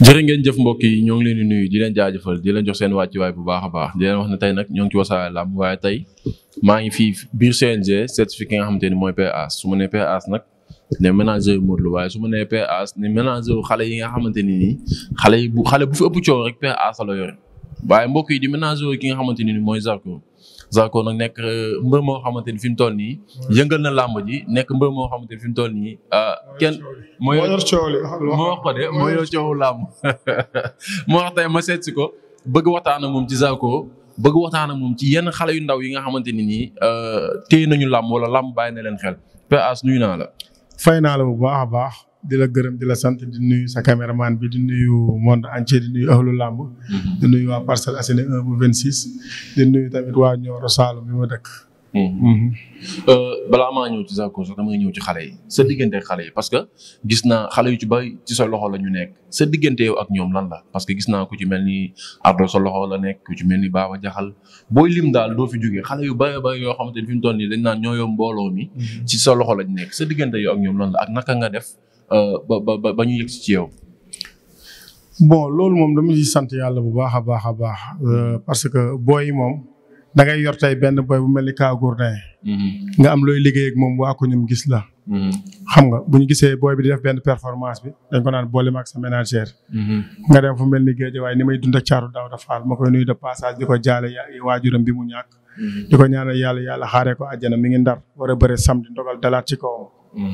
jërë ngeen jëf mbokk yi ñoo ngi leen di nuyu di leen jaajëfal di leen jox seen wàccuwaay bu baax a baax di leen wax na tey nag ñoo ngi ci Wassare Lamb waaye tey maa ngi fi biir CNG certifié ki nga xamante ni mooy Père As su ma nee Père As nag ne su ma nee ne ménager yu xale yi nga xamante nii xale yi bu xale bu fi ëpp coow rek Père As la yore waaye mbokk yi di ménager ki nga xamante ni mooy Zarko Zarko nag nekk euh, mbër moo xamante ni fi mu toll nii. yëngal na làmb ji nekk mbër moo xamante ni fi mu toll nii. Euh, kenn moo yor coow li moo wax ko de moo yor coowu làmb moo wax tey ma seet ko bëgg waxtaan ak moom ci Zarko bëgg waxtaan ak moom ci yenn xale yu ndaw yi nga xamante ni nii euh, téye nañu làmb wala làmb bàyyi na leen xel PAS nuyu naa la. fay naa la bu baax a baax. di la gërëm di la sant di nuyu sa caméraman bi di nuyu monde entier di nuyu ahlu làmb di nuyu waa Parcelles Assainies 1 vingt 26. di nuyu tamit waa Nioro saalo bi ma dëkk. Hmm. Mhm. Euh, balaa maa ñëw ci sa ko sax ñëw ci xale yi sa diggante xale yi parce que gis naa xale yu ci bay ci sa loxo la ñu nekk sa diggante yow ak ñoom lan la parce que gis naa ko ci mel ni Ardo sa loxo la nekk ku ci mel ni Baba Jaxal booy lim daal doo fi jógee xale yu bay bay yoo xamante ni fi mu toll nii dañ naan ñoo yow mhm. ci sa loxo lañ nekk sa diggante yow ak ñoom lan la ak naka nga def. Euh, ba ba ba ñu yëg bon loolu moom dama ci sant yàlla bu baax a baax a baax euh, parce que booy yi moom da ngay yor tey benn booy bu mel ni Kaa Gourdin mm-hmm. nga am looy liggéey ak moom waa ko ñum gis la. Mm-hmm. xam nga bu ñu gisee booy bi di def benn performance bi dañ ko naan boole ak sa ménagère. Mm-hmm. fu mel ni géej waaye ni may dund ak caaru daaw dafaal ma koy nuyu de passage di ko jaale waajuram bi mu ñàkk. di ko ñaanal yàlla yàlla xaaree ko àjjana mi ngi ndar war a sam samedi ndogal dalaat ci kaw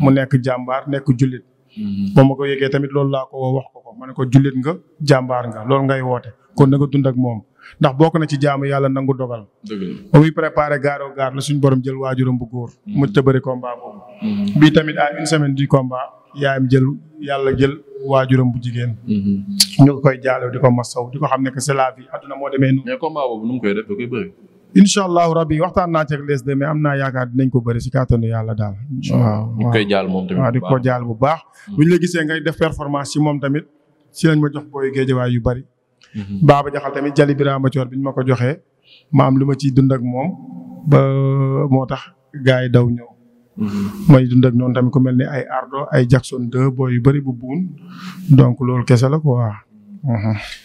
mu nekk jàmbaar nekk jullit. Mhm. ba ma ko yëgee tamit loolu laa ko wax ko ko ma ne ko jullit nga jàmbaar nga loolu ngay woote kon na nga dund ak moom ndax bokk na ci jaamu yàlla nangu dogal. dëgg ba muy préparé gaaroo gaar la suñu borom jël waajuram bu góor. Mhm. mu ta bëri combat boobu. Mhm. bii tamit a une semaine du combat yaayam jël yàlla jël waajuram bu jigéen. ñu ko koy jaalew di ko masaw di ko xam ne que c'est la vie àdduna moo demee noonu. mais combat boobu nu mu koy def incha allahu rabbi waxtaan naa ci les de mais am naa yaakaar dinañ ko bëri si kàttanu yàlla daal. waaw ñu koy jaal moom tamit waaw di ko jaal bu baax. Hmm. bu ñu la gisee ngay def performance si moom tamit si lañ ma jox booy géejewaay yu bëri. Hmm. Baba Jaxal tamit Jali Birama Coor bi ñu ma ko joxe ma am lu ma ciy dund ak moom ba moo tax gars yi daw ñëw. mooy hmm. dund ak noonu tamit ku mel ni ay Ardo ay Jackson 2 booy yu bëri bu buun donc loolu kese la quoi.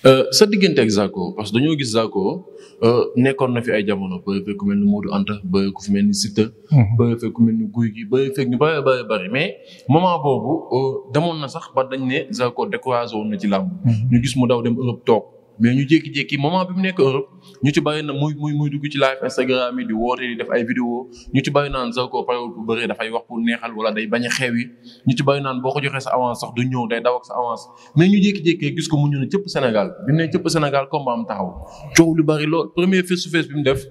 Euh, sa diggante ak Zarko parce que dañoo gis Zarko euh, nekkoon na fi ay jamono bëri fekk ku mel ni Modou Anta bëri mhm. ku mel ni Siteu. bëri fekk mel ni Guy gi bëri fekk ñu bëri bëri bëri mais moment boobu euh, demoon na sax ba dañ ne Zarko découragé woon na ci làmb. Mhm. ñu gis mu daw dem Europe toog. mais ñu jékki-jékki moment bi mu nekk Europe ñu ci bàyyi na muy muy muy dugg ci live Instagram yi di woote def ay vidéo ñu ci bàyyi naan Zarko pare bu bëree dafay wax pour neexal wala day bañ a xew yi ñu ci bàyyi naan boo ko joxee sa avance sax du ñëw day daw ak sa avance mais ñu jékki-jékki gis mu ñu ne cëpp Sénégal bi mu ne cëpp Sénégal combat am taxaw coow lu bari lool premier face to face bi mu def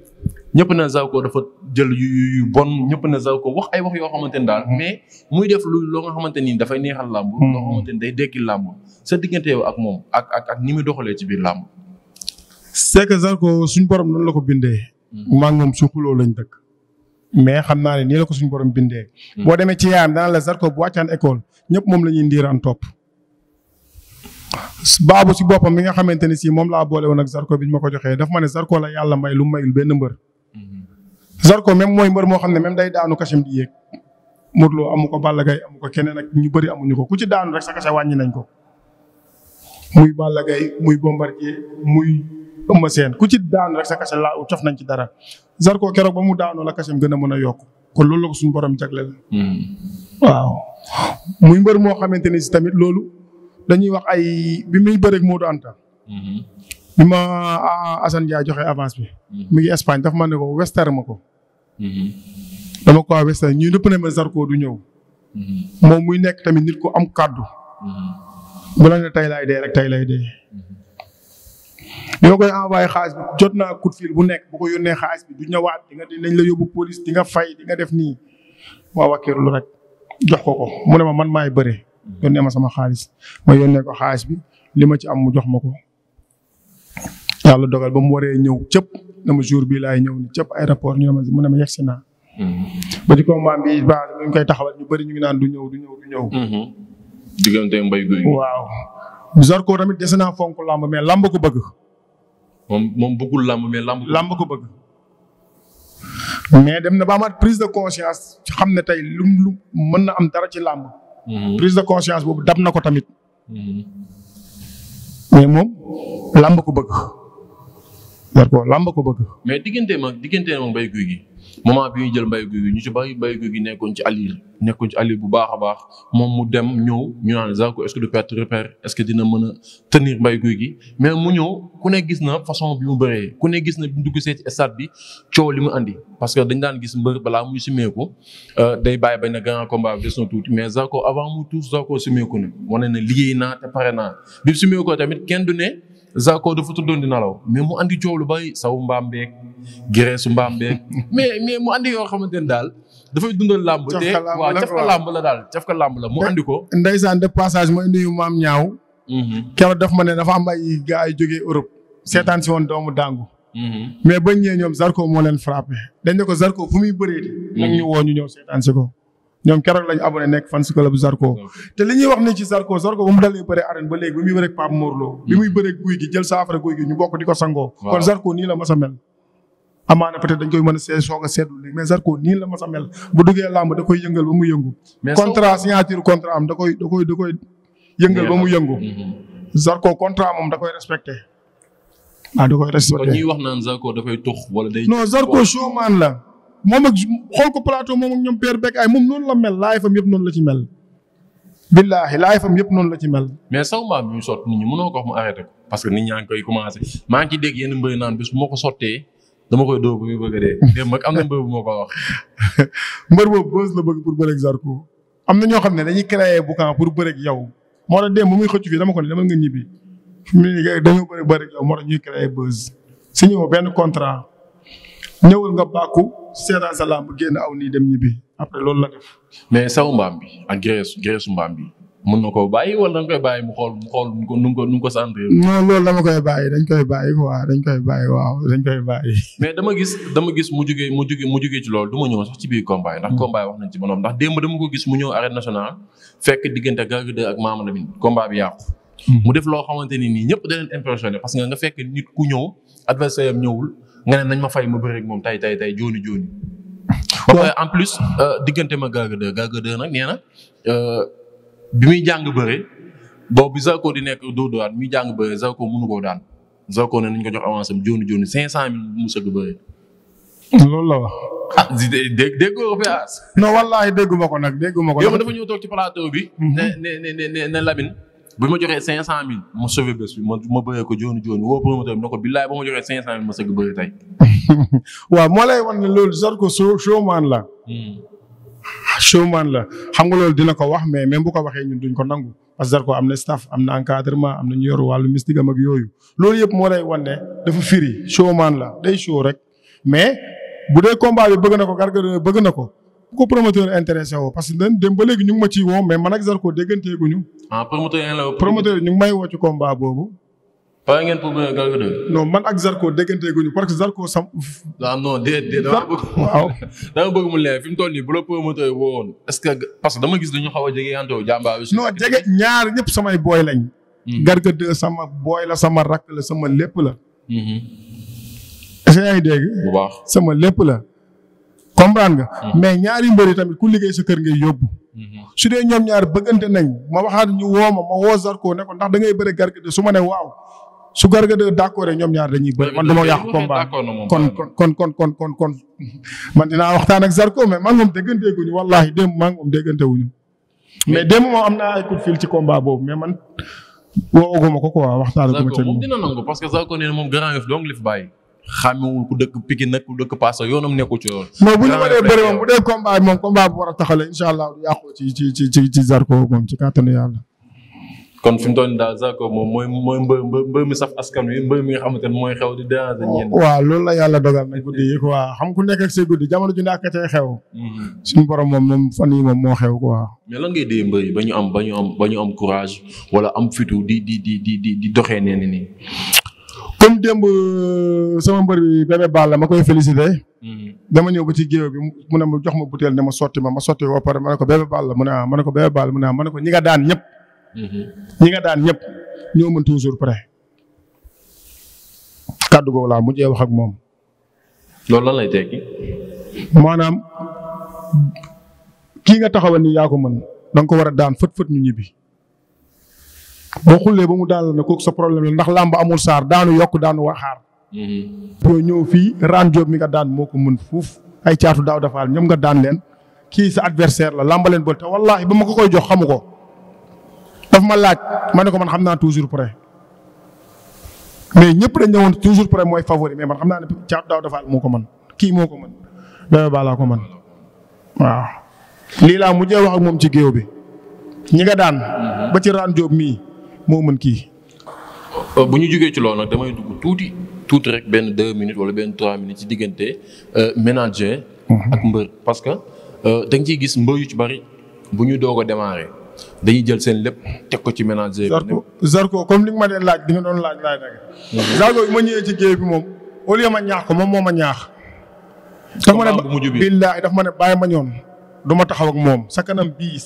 ñëpp na Zarko dafa jël yu bon ñëpp na Zarko wax ay wax yoo xamante ni daal mais muy def lu loo nga xamante ni dafay neexal làmb. Hmm. loo xamante day dekkil làmb sa yow ak moom ak ak ak ni doxalee ci biir làmb. c'est que Zarko suñu borom noonu la ko bindee. Hmm. maa moom su lañ dëkk. mais xam naa ne nii la suñu borom bindee. Hmm. boo demee ci yaayam dana la bu wàccaan école ñëpp moom la ñuy ndiiraan topp. baabu si boppam mi nga xamante ne si moom laa boole woon ak bi ñu ma ko joxee daf ma ne Zarko la yàlla may lu mayul benn mbër. Zarko même mooy mbër moo xam ne même day daanu kacham di yéeg Modou Lo amu ko Balla Gaye amu ko keneen ak ñu bëri amuñu ko ku ci daanu rek sa kase wàññi nañ ko. muy Balla Gaye muy Bombardier muy Eumeu Sène ku ci daanu rek sa kase nañ ci dara Zarko keroog ba mu daanoo la kacham gën a mën a yokk kon loolu la ko borom jagleel. Hmm. waaw muy mbër moo xamante ni si tamit loolu dañuy wax ay bi muy bëreeg moo Anta. Hmm. bi ma ah, Assane Ndiaye joxe avance bi. mu hmm. ngi Espagne daf ma ne ko wester ma ko. Mm-hmm. dama a wese ñuy nëpp ne ma Zarko du ñëw. Mm-hmm. moom muy nekk tamit nit ko am kàddu. Mm-hmm. bu la ne tey lay dee rek tey lay dee. yoo koy envoyé xaalis bi jot naa coup de fil bu nekk bu ko yónnee xaalis bi du ñëwaat di nga la yóbbu police di nga fay nga def nii. ma wàkkeerlu rek jox ko ko mu ne ma man maay bëre. yónnee ma sama xaalis ma yónnee ko xaalis bi li ma ci am mu jox ma ko. yàlla dogal ba mu waree ñëw cëpp. na ma jour bii laay ñëw ni cëpp aéroport ñu ma mu ne ma yegg si naa. Mhm. ba ci combat bi ba ñu koy taxawal ñu bëri ñu ngi naan du ñëw du ñëw du ñëw. Mhm. diggante mbay guy. waaw Zarko tamit dese naa fonk lamb mais lamb ko bëgg. moom moom bëggul lamb mais lamb. lamb ko bëgg. mais dem na ba amaat prise de conscience xam ne tey lu lu mën na am dara ci làmb mhm. prise de conscience boobu dab na ko tamit. mais moom làmb ko bëgg. war ko làmb ko bëgg. mais diggante ma diggante ma mbay guy gi moment bi ñuy jël mbay guy gi ñu ci bàyyi mbay guy gi nekkoon ci alir nekkoon ci alir bu baax a baax moom mu dem ñëw ñu naan Zarko est-ce que du perte repère est que dina mën a tenir mbay guy gi mais mu ñëw ku ne gis na façon bi mu bëree ku ne gis na bi mu dugg see ci bi coow li mu indi parce que dañ daan gis mbër balaa muy simeeku euh, day bàyyi bañ na grand combat bi des na tuuti mais Zarko avant mu tuus Zarko simeeku ne wane na liggéey naa te pare bi simeeku tamit kenn du ne. Zarko dafa tuddoon di nalaw mais mu andi coow lu bay saw mbaam beeg gereesu mbaam beeg mais mais mu andi yoo xamante ne daal dafay dundal làmb te waaw caf ka la daal caf ka làmb la mu andi ko ndeysaan de passage ma indi yu maam ñaaw mm-hmm. keroog daf ma ne dafa am ay gars ay jógee Europe seetaan si woon doomu dàngu mm-hmm. mais bañ ñëwee ñoom Zarko moo leen frappé dañ ko Zarko fu muy bëree mm-hmm. ñu woo ñu ñëw seetaan si ko ñoom keroog lañ abonné nekk fan si club Zarko te li ñuy wax ni ci Zarko Zarko ba mu dalee bëre arène ba léegi ba muy bëreeg Pape Mor Lo bi muy hmm. bëreeg guy gi jël saafara guy gi ñu bokk di ko sangoo kon Zarko nii la mas a mel amaana peut-être dañ koy mën a see soog a seetlu léegi mais Zarko nii la mas a mel bu duggee làmb da koy yëngal ba mu yëngu contrat signature contrat am da koy da koy da koy yëngal ba mu yëngu hmm. Zarko contrat moom da koy respecté ah da koy respecté kon ñuy wax naan Zarko dafay tux wala day non Zarko showman la moom ak xool ko plateau moom ak ñoom Père Beck ay moom noonu la mel laay fam yëpp noonu la ci mel. billaahi laay fam yëpp noonu la ci mel. mais saw maam bi ñu sotti nit ñi mënoo ko wax mu arrêté ko parce nit ñaa ngi koy commencé maa ngi ciy dégg yenn mbéy naan bés bu ma ko sottee a dee. démb na mbër bu ko wax. mbër boobu bës la bëgg pour bëreeg am na ñoo xam ne dañuy créer boucan pour bëreeg yow moo tax démb bu muy xëcc fii dama nga ñibbi fi mu ne nii dañoo bëri bëreeg yow moo tax ñuy créer bës signé benn contrat ñëwul nga bàkku seetaan sa làmb génn aw nii dem ñibbi après loolu la def. mais saw mbaam bi ak graisse graisse mbaam bi mun na koo bàyyi wala da nga koy bàyyi mu xool xool nu mu ko nu mu ko sant. non loolu dama koy bàyyi dañ koy bàyyi waaw dañ koy bàyyi waaw dañ koy mais dama gis dama gis mu jugee mu jugee mu jugee ci lool du ma ñëw sax ci biir combat yi ndax combat wax nañ ci manoom ndax démb dama ko gis mu ñëw arène nationale fekk diggante Garga 2 ak Mama Lamine combat bi yàqu. Hmm. mu def loo xamante ni nii ñëpp da leen impressionné parce nga fekk nit ku ñëw adversaire am ñëwul nga ne nañ ma fay ma bëri moom tay tay tay jooni jooni. Euh, en plus euh, diggante ma Garga 2 nag nee euh, bi muy jàng bëre boobu bi Zarko di nekk doo dowaat muy jàng bëre Zarko mënu koo daan Zarko ne nañ ko jox avance am jooni jooni cinq cent mille mu sëgg bëre. loolu la wax. ah dégg déggoo ko non wallaahi dégguma ko nag dégguma ko. yow dafa ñëw toog ci plateau bi. Mhm. ne ne ne ne Lamine. bi ma joxee cinq cent mille ma sauvé bés bi ma ma bëree ko jooni jooni woo promoteur bi ko billaay ba ma joxee cinq cent mille ma sëgg bëri tey waaw moo lay wan ne loolu Zarko show showman la hmm. ah, showman la xam nga loolu dina ko wax mais même bu ko waxee ñun duñ ko nangu parce que am na staff am na encadrement am na ñu yor wàllu mystique am ak yooyu loolu yëpp moo lay wan ne dafa firi maan la day show rek mais bu dee combat bi bëgg na ko garga bëgg na ko bu ko promoteur intéressé woo parce que dañ dem ba léegi ñu ngi ma ci woo mais man ak Zarko dégganteeguñu ah promoteur yi ñu may woo ci combat boobu. pare ngeen pour Garga man ak Zarko déggante guñu parce que Zarko sam. ah non waaw dama bëgg mu leer fi mu toll nii bu la promoteur woo woon est parce que dama gis dañu xaw a jege yantoo jàmbaar non jege ñaar ñëpp samay booy lañ. Hmm. Garga 2 sama booy la sama rakk la sama lépp la. Hmm. est-ce ngi dégg. bu baax sama lépp la. comprendre nga. Hmm. mais ñaari mbër yi tamit ku liggéey sa kër ngay yóbbu. Mm-hmm. su dee ñoom ñaar bëggante nañ ma waxaat ñu woo ma ma woo Zarko ne ko ndax da ngay bëre Garga su ma ne waaw su Garga 2 d'accord ñoom ñaar dañuy bëri man dama yàq combat kon kon kon kon kon kon man dinaa waxtaan ak Zarko mais maa moom dégganteeguñu wallaahi démb maa ngi moom déggantewuñu mais démb moom am naa ay coup de fil ci combat boobu mais man woowaguma ko quoi waxtaan ak. Zarko moom dina nangu parce que Zarko nee na moom grand yëf dong li fi bàyyi xamewul ku dëkk Pikine nag ku dëkk Passo yoonam nekkul ci yoon. moom bu ñu mënee bëri moom bu dee combat bi moom combat bu war a taxalee incha allah du yàqu ci ci ci ci ci Zarko moom ci kàttanu yàlla. kon fi mu toll nii daal moom mooy mooy mbë mbë mi saf askan wi mbë mi nga xamante ne mooy xew di déranger ñenn. loolu la yàlla dogal nag guddi yi quoi xam ku nekk ak jamono ju nekk tey xew. Mhm. suñu borom moom moom fan yi moom moo xew quoi. mais lan ngay dee mbër yi ba ñu am ba ñu am ba ñu am courage wala am fitu di di di di di doxee nee ni nii. comme démb euh, sama mbër bi Bébé Balla ma koy félicité. Mm-hmm. dama ñëw ba ci géew bi mu ne mu jox ma butéel ne ma sotti ma ma sotti ba pare ma ne ko Bébé Balla mu ne ah ma ne ko Bébé Balla ah, ko ñi nga daan ñëpp. Mm-hmm. ñi nga daan ñëpp ñoo mën toujours pare kàddu googu laa mujjee wax ak moom. loolu lan lay tekki. maanaam kii nga taxawal ni yaa ko mën da ko war a daan fët fët ñu ñibbi. boo xullee ba mu daal na kooku sa problème la ndax làmb amul saar daanu yokk daanu waxaar. pour mm-hmm. ñëw fii raan joob mi nga daan moo ko mën fuuf ay caatu daaw dafaal ñoom nga daan leen kii sa adversaire la làmba leen bël te wallaahi ba ma ko koy jox xamu ko daf ma laaj ma ne ko man xam naa toujours prêt mais ñëpp dañ ne woon toujours prêt mooy favori mais man xam naa ne caatu daaw dafaal moo ko mën kii moo ko man doyoo baalaa ko mën waaw. lii laa mujjee wax ak moom ci géew bi ñi nga daan. Mm-hmm. ba ci raan joob mii. moo mën kii. Euh, bu ñu jógee ci loolu nag damay dugg tuuti tuuti rek benn deux minutes wala benn trois minutes ci diggante euh, ménager. Mhm. ak mbër parce que euh, da nga ciy gis mbër yu ci bari bu ñu doog a démarrer dañuy jël seen lépp teg ko ci ménager. Zarko Zarko comme li nga ma dee laaj di nga doon laaj laaj nag. Mhm. Zarko bi ma ñëwee ci géej bi moom au lieu ma ñaax ko moom moo ma ñaax. dafa ma ne billaahi dafa ma ne bàyyi ma ñoon du ma taxaw ak moom sa kanam bii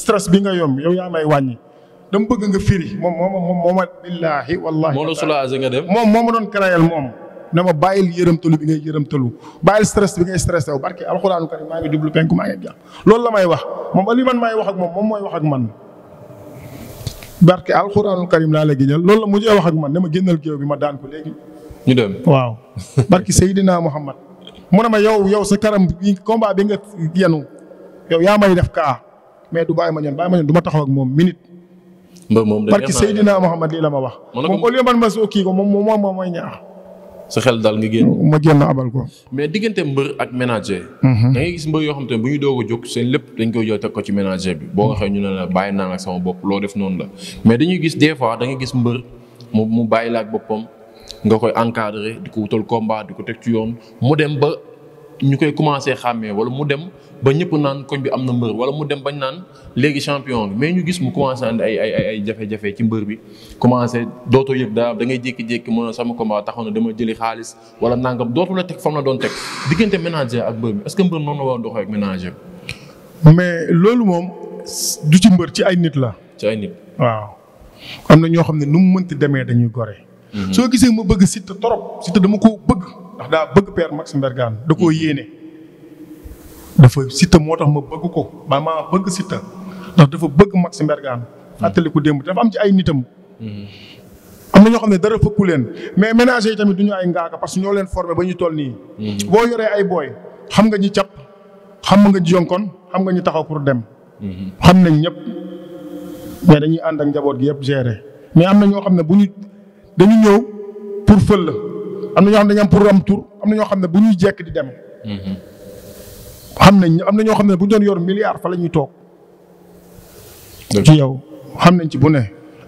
stress bi nga yomb yow yaa may wàññi. dama bëgg nga firi moom moom moom moo ma billaahi wallaahi moo moom moo ma doon créel moom na ma bàyyil yërëmtalu bi ngay yërëmtalu bàyyil stress bi ngay stressé wu barke alxuraanu karim maa ngi jublu penku maa ngi jàpp loolu la may wax moom ali man maay wax ak moom moom mooy wax ak man barke alxuraanu karim laa la génneel loolu la mujjee wax ak man dama génnal géew bi ma daan ko léegi ñu dem waaw barke Seydina Muhammad mu ne ma yow yow sa karam bi combat bi nga yenu yow yaa may def kaa mais du bàyyi ma ñoon bàyyi ma ñoon du taxaw ak moom minute mbër moom parce que Seydina Mohamed lii la ma wax. moom au lieu man ma soo kii ko moom moom moom mooy ñaax. sa xel daal nga génn. ma génn abal ko. mais diggante mbër ak ménager. Mhm. da ngay gis mbër a da ngay gis mbër mu bàyyi la ak boppam nga koy encadré di ko wutal combat di ko teg ci yoon mu dem ba ñu koy commencé xàmmee wala mu dem ba ñëpp naan koñ bi am na mbër wala mu dem bañ naan léegi champion bi mais ñu gis mu commencé andi ay ay ay jafe-jafe ci mbër bi commencé dootoo yëpp daa da ngay jékki-jékki a sama combat taxaw na dama jëli xaalis wala nangam dootu la teg fam la doon teg diggante ménager ak mbër bi est-ce que mbër noonu la war a mais loolu moom du ci mbër ci ay nit la. ci ay am na ñoo xam ne nu mu mënti demee dañuy gore. Mhm. soo gisee ma bëgg Siteu trop Siteu dama koo bëgg ndax daa bëgg père Max mbergan da koo mhm. yéene. dafa Siteu moo tax ma bëgg ko ma maa bëgg Siteu ndax dafa bëgg Max Mbergane fàttaliku démb dafa am ci ay nitam. Hmm. am na ñoo xam ne dara fëkku leen mais ménager yi tamit du ñu ay ngaaka parce que ñoo leen formé ba ñu toll nii. Hmm. boo yoree ay booy xam nga ñi cap xam nga ñi yonkon xam nga ñi taxaw pour dem. Hmm. xam nañ ñëpp mais dañuy ànd ak njaboot gi yëpp gérer mais am na ñoo xam ne bu ñu dañu ñëw pour fël am na ñoo xam ne dañu am pour am tur am na ñoo xam ne bu ñuy jekk di dem. xam nañ am na ñoo xam ne bu ñu doon yor milliard fa la ñuy toog. ci yow xam nañ ci bu ne.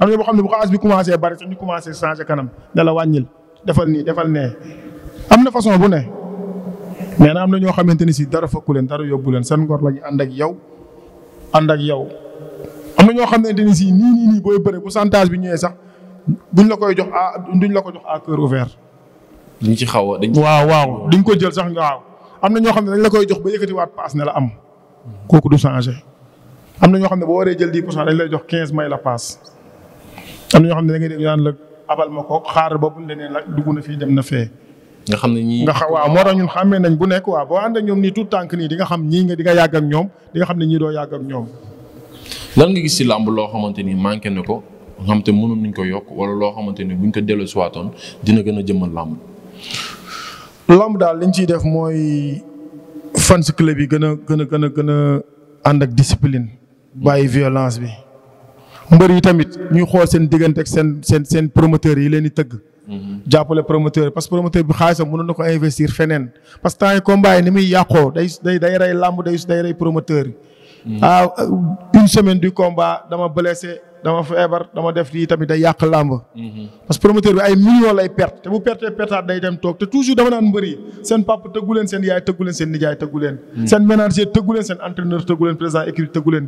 am na ñoo xam ne bu xaalis bi commencé bari sax ñu commencé changé kanam dala wàññil defal nii defal am na façon bu ne. mais na am na ñoo xamante ni sii dara fëkku leen dara yóbbu leen seen ngor ma ñu ànd ak yow ànd ak yow. am na ñoo xamante ni si nii nii nii booy bëre bu chantage bi ñëwee sax buñ la koy jox à duñ la ko jox à cœur ouvert. dañ ci xaw a dañ waaw waaw duñ ko jël sax nga waaw. am na ñoo xam ne dañ la koy jox ba yëkkatiwaat paas ne la am kooku du changé am na ñoo xam ne boo waree jël di pour cent dañ lay jox 15 may la paas am na ñoo xam ne da ngay dégg abal ma ko xaar ba leneen la dugg na fii dem na fee. nga xam ne ñii nga xam waaw moo tax ñun nañ bu nekk waaw boo ànd ñoom nii tout tànk nii di nga xam ñii nga di nga yàgg ak ñoom di nga xam ne ñii doo yàgg ak ñoom. lan nga gis ci làmb loo xamante ni manqué na ko nga xam te mënoon nañ ko yokk wala loo xamante ni buñ ko dellu si waatoon dina gën a jëmmal làmb lamb daal liñ ciy def mooy fan fans club yi gën a gën a gën a gën a ànd ak discipline bàyyi violence bi mbër yi tamit ñuy xool seen diggante ak seen seen seen promoteurs yi leen di tëgg. Mhm. jàppale promoteur parce que promoteur bi xaalisam mënoon na ko investir feneen parce que temps yi combat ni muy yàqoo day day day rey làmb day day rey promoteur yi. à mhm. ah, une semaine du combat dama blessé. dama feebar dama def lii tamit day yàq làmb mhm. parce que promoteur bi ay millions lay perte te bu pertee pertaat day dem toog te toujours dama naan mbëri seen papa tëggu leen seen yaay tëggu leen seen nijaay tëggu leen mhm. seen ménager tëggu leen seen entraîneur tëggu leen président équipe tëggu leen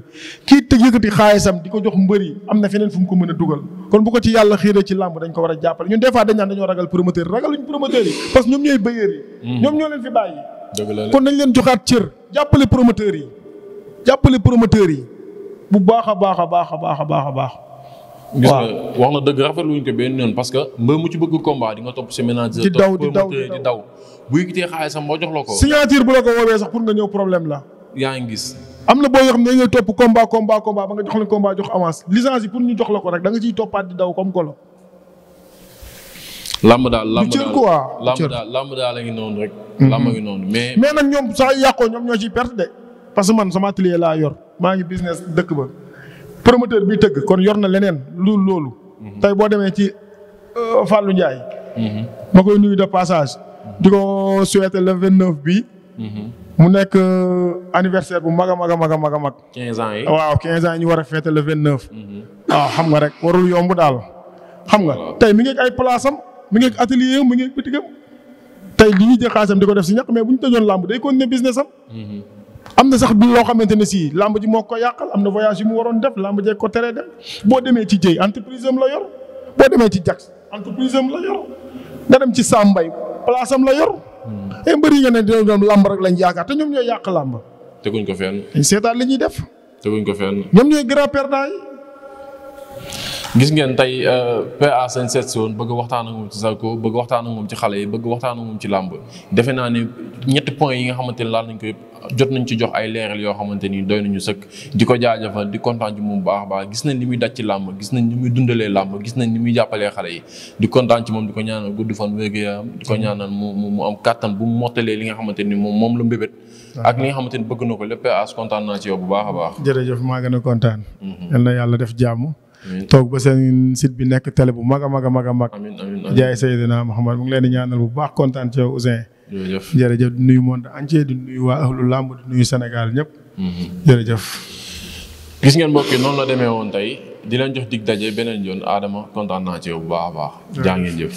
kii te yëkkati xaalisam di ko jox mbëri am na feneen fu mu ko mën a dugal kon bu ko ci yàlla xiiree ci làmb dañ ko war a jàppale ñun des fois dañ naan dañoo ragal promoteur ragaluñ promoteur yi parce que mhm. leen joxaat cër jàppale promoteurs yi jàppale promoteurs yi bu baax a baax a baax a baax a baax a baax. gis nga wax na dëgg rafetlu wuñ ko benn yoon parce que mbër mu ci bëgg combat di nga topp sa ménage. di daw bu yëgitee xaalisam jox la ko. signature bu la sax pour nga ñëw problème la. yaa ngi gis. am na boo yoo xam ne ngay topp combat combat combat ba nga jox leen combat jox avance licence yi pour ñu jox la ko rek da nga ciy toppaat di daw comme golo. lamb daal lamb daal lamb daal lamb daal la ngi noonu rek. Mm-hmm. lamb ngi noonu mais. mais nag ñoom saa yàqoo ñoom ñoo ciy perte de. parce que man sama atelier laa yor maa ngi business dëkk ba promoteur bi tëgg kon yor na leneen lu loolu. Mhm. tey boo demee ci euh, Fallou Ndiaye. Mhm. ma koy nuyu de passage. di ko souhaiter le 29 bi mhm. mu nekk euh, anniversaire bu mag a mag a mag a mag a yi waaw 15 ans yi ñu war a fêter le 29. waaw ah, xam nga rek warul yomb daal. xam nga tey mi ngi ay place am mu ngi atelier mu mi ngi boutique am tey li ñuy jël di ko def si ñàkk mais bu ñu tëjoon làmb day continuer business am. am na sax loo xamante ne sii làmb ji moo ko yàqal am na voyage yu mu waroon def làmb jee ko teree def boo demee ci jëy entreprise am la yor boo demee ci jax entreprise la yor nga dem ci sàmbay place am la yor. ay hmm. eh, mbër yi nga ne dina doon làmb rek lañ yaakaar te ñoom ñooy yàq làmb. teguñ ko fenn. seetaan li ñuy def. teguñ ko fenn. ñoom ñooy grand perdant yi. gis ngeen tey euh, PA sañ seet si woon waxtaan ak moom ci Zarko bëgg waxtaan moom ci xale yi bëgg waxtaan ak ci làmb defe naa ne ñetti point yi nga xamante ne laal nañ ko yëpp jot ci jox ay leeral yoo xamante ni doy nañu sëkk di ko jaajëfal di kontaan ci baax a baax gis nañ li muy daj ci làmb gis nañ li muy dundalee làmb gis nañ li muy jàppalee xale yi di kontaan ci moom di ko ñaanal gudd fan wér-gu-yaram di ko mu mu am kàttan bu mottalee li nga xamante ni moom moom la mbébét ak li nga xamante ni bëgg na ko lépp PA kontaan naa ci yow bu baax a baax jërëjëf maa gën a kontaan mhm. yal na yàlla def jàmm toog ba seen sit bi nekk télé bu mag a mag a mag a mag jaay Seydina Mouhamad mu ngi leen di ñaanal bu baax kontaan ci yow Ouzin jërëjëf jërëjëf di nuyu monde entier di nuyu waa ahlu làmb di nuyu Sénégal ñëpp mhm. jërëjëf gis ngeen mbokk yi noonu la demee woon tey di leen jox dig daje beneen yoon aadama kontaan naa ci bu baax baax jaa ngeen jëf